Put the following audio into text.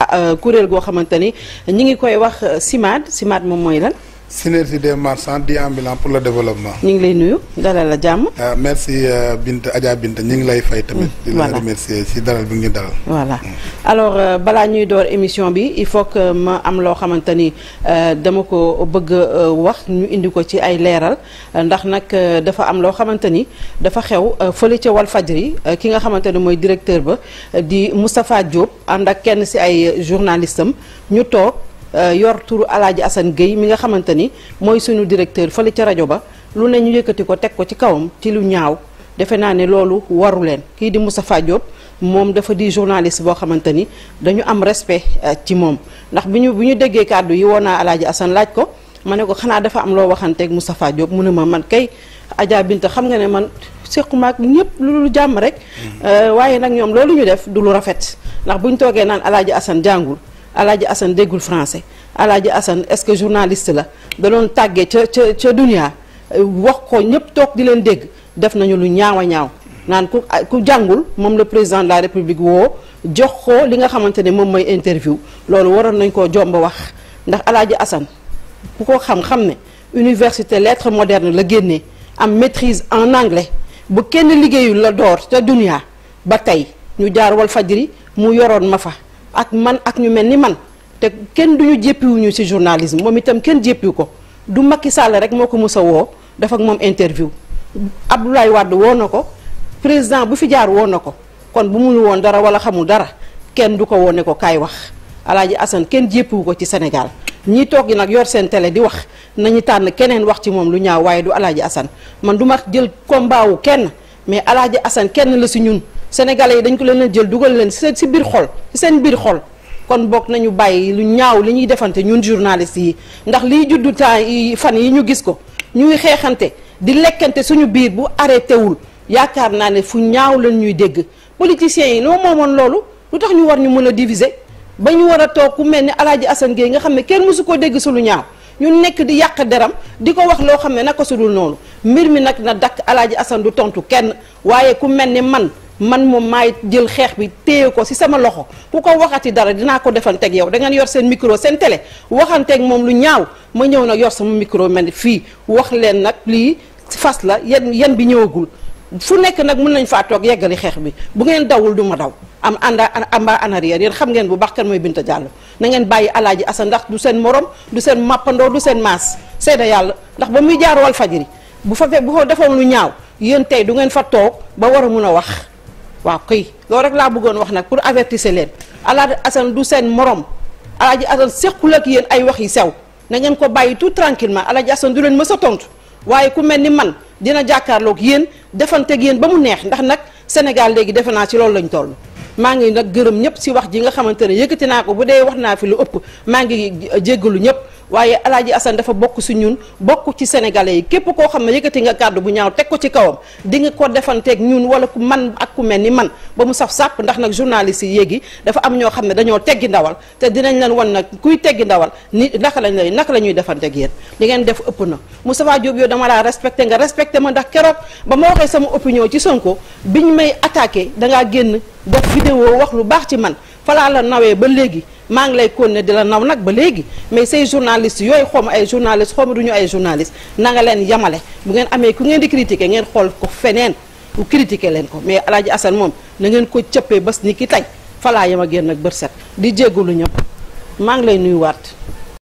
Ah, euh, kuréel goo xamante ni ñi ngi koy wax CIMAD euh, CIMAD moom mooy lan. synergie de marchands di ambulant pour le développement. ñu ngi lay nuyu dalal la jàmm. Ah, merci euh, Binta Adja Binta ñu ngi lay fay tamit. di la remercier dalal bi ngi dalal. voilà mm. alors euh, balaa ñuy door émission bi il faut que ma am loo xamante ni euh, dama ko bëgg wax ñu indi ko ci ay leeral ndax nag dafa am loo xamante ni dafa xew fële ca Walfadjri ki nga xamante ni mooy directeur ba di Moustapha Diop ànd ak kenn ci ay journalistam ñu toog. Euh, yor turu alaaji Assane Gueye mi nga xamante ni mooy suñu directeur fële ca rajo ba lu ne ñu yëkkati ko teg ko ci kawam ci lu ñaaw defe naa ne loolu waru leen kii di Moustapha Diop moom dafa di journaliste boo xamante ni dañu am respect euh, ci moom ndax bi ñu bi ñu déggee kàddu yi woo naa alaaji Assane laaj ko ma ne ko xanaa dafa am loo waxanteeg Moustapha Diop mu ne ma man kay Adja Binta xam nga ne man séquma ak ñëpp lu jàmm rek mm-hmm. euh, waaye nag ñoom loolu ñu def du lu rafet ndax bu ñu toogee naan alaaji Assane jàngul Alaaji Assane déggul français Alaaji Assane est-ce que journaliste la daloon tàggee ca ca dunia wax ko ñëpp toog di leen dégg def nañu lu ñaaw a ñaaw naan ku ku jàngul moom la président de la république woo jox ko li nga xamante ne moom mooy interview loolu waroon nañ koo jomba wax ndax Alaaji Assane ku ko xam-xam ne université lettres moderne la génnee am maitrise en anglais bu kenn liggéeyul la door ca dunia ba tey ñu jaar wal fajri mu yoroon ma fa ak man ak ñu mel ni man te kenn du ñu jéppiwuñu ci journalisme moom itam kenn jéppiwu ko du makki Sall rek moo ko mës a woo def ak moom interview Abdoulaye Wade woon na ko président bu fi jaar woon na ko kon bu mu woon dara wala xamul dara kenn du ko woo ne ko kaay wax Alaaji Assane kenn jéppiwu ko ci Sénégal ñi toog yi nag yor seen télé di wax nañu tànn keneen wax ci moom lu ñaaw waaye du Alaaji Assane man du ma jël combat wu kenn mais Alaaji Assane kenn la si ñun sénégalais yi dañ ko leen jël dugal leen seen si biir xol seen biir xol kon bokk nañu bàyyi lu ñaaw li ñuy defante ñun journaliste yi ndax liy juddu temps yi fan yi ñu gis ko ñuy xeexante di lekkante suñu biir bu arrêté wul yaakaar naa ne fu ñaaw leen ñuy dégg politiciens yi noo moomoon loolu lu tax ñu war ñu mën a diviser ba ñu war a toog ku mel ni Alaaji Assane Gueye nga xam ne kenn mësu koo dégg su lu ñaaw ñu nekk di yàq deram di ko wax loo xam ne naka sudul noonu mbir mi nag na dakk Alaaji Assane du tontu kenn waaye ku mel ni man man moom maay jël xeex bi téye ko ci sama loxo ku ko waxati dara dinaa ko defanteeg yow da yor seen micro seen télé waxanteeg moom lu ñaaw ma ñëw nag yor sama micro man fii wax leen nag lii fas la yan yan bi ñëwagul fu nekk nag mun nañu faa toog yeggali xeex bi bu ngeen dawul du ma daw am ànda amba en arrière yéen xam ngeen bu baax kan mooy Binta Diallo na ngeen bàyyi alaaji asa ndax du seen morom du seen màppandoo du seen maas seeda yàlla ndax ba muy jaar wal fajiri bu fa bu fa defoon lu ñaaw yéen tey du ngeen fa toog ba war mun a wax waaw kay loolu rek laa bëggoon wax nag pour avertise leen alaaji Assane du seen morom alaaji Assane sequl ak yéen ay wax yi sew na ngeen ko bàyyi tout tranquillement alaaji Assane du leen mës a tontu waaye ku mel ni man dina jàkkaarloog yéen defanteeg yéen ba mu neex ndax nag Sénégal léegi defe naa ci loolu lañ toll. maa ngi nag gërëm ñëpp si wax ji nga xamante ne yëkkati naa ko bu dee wax naa fi lu ëpp maa ngi jéggalu ñëpp. waaye Alaaji Assane dafa bokk si ñun bokk ci sénégalais yi képp koo xam ne yëkkati nga kàddu bu ñaaw teg ko ci kawam di nga ko defanteek ñun wala ku man ak ku mel ni man ba mu saf sàpp ndax nag journaliste yi yéegi dafa am ñoo xam ne dañoo teggi ndawal te dinañ leen wan nag kuy teggi ndawal ni naka lañ lay naka la ñuy defanteeg yéen li ngeen def ëpp na Moustapha Diop yow dama laa respecté nga respecté ma ndax keroog ba ma waxee sama opinion ci Sonko biñ may attaqué dangaa génn def vidéo wax lu baax ci man falaa la nawee ba léegi maa ngi lay continuer di la naw nag ba léegi mais say journalistes yooyu xaw ma ay journalistes xaw ma duñu ay journalistes na nga leen yamale bu ngeen amee ku ngeen di critiquer ngeen xool ko feneen bu critiquer leen ko mais Alaaji Assane moom na ngeen ko cëppee bés ni ki tey falaa yam a génn ak set di jéggalu ñëpp maa ngi lay nuyuwaat.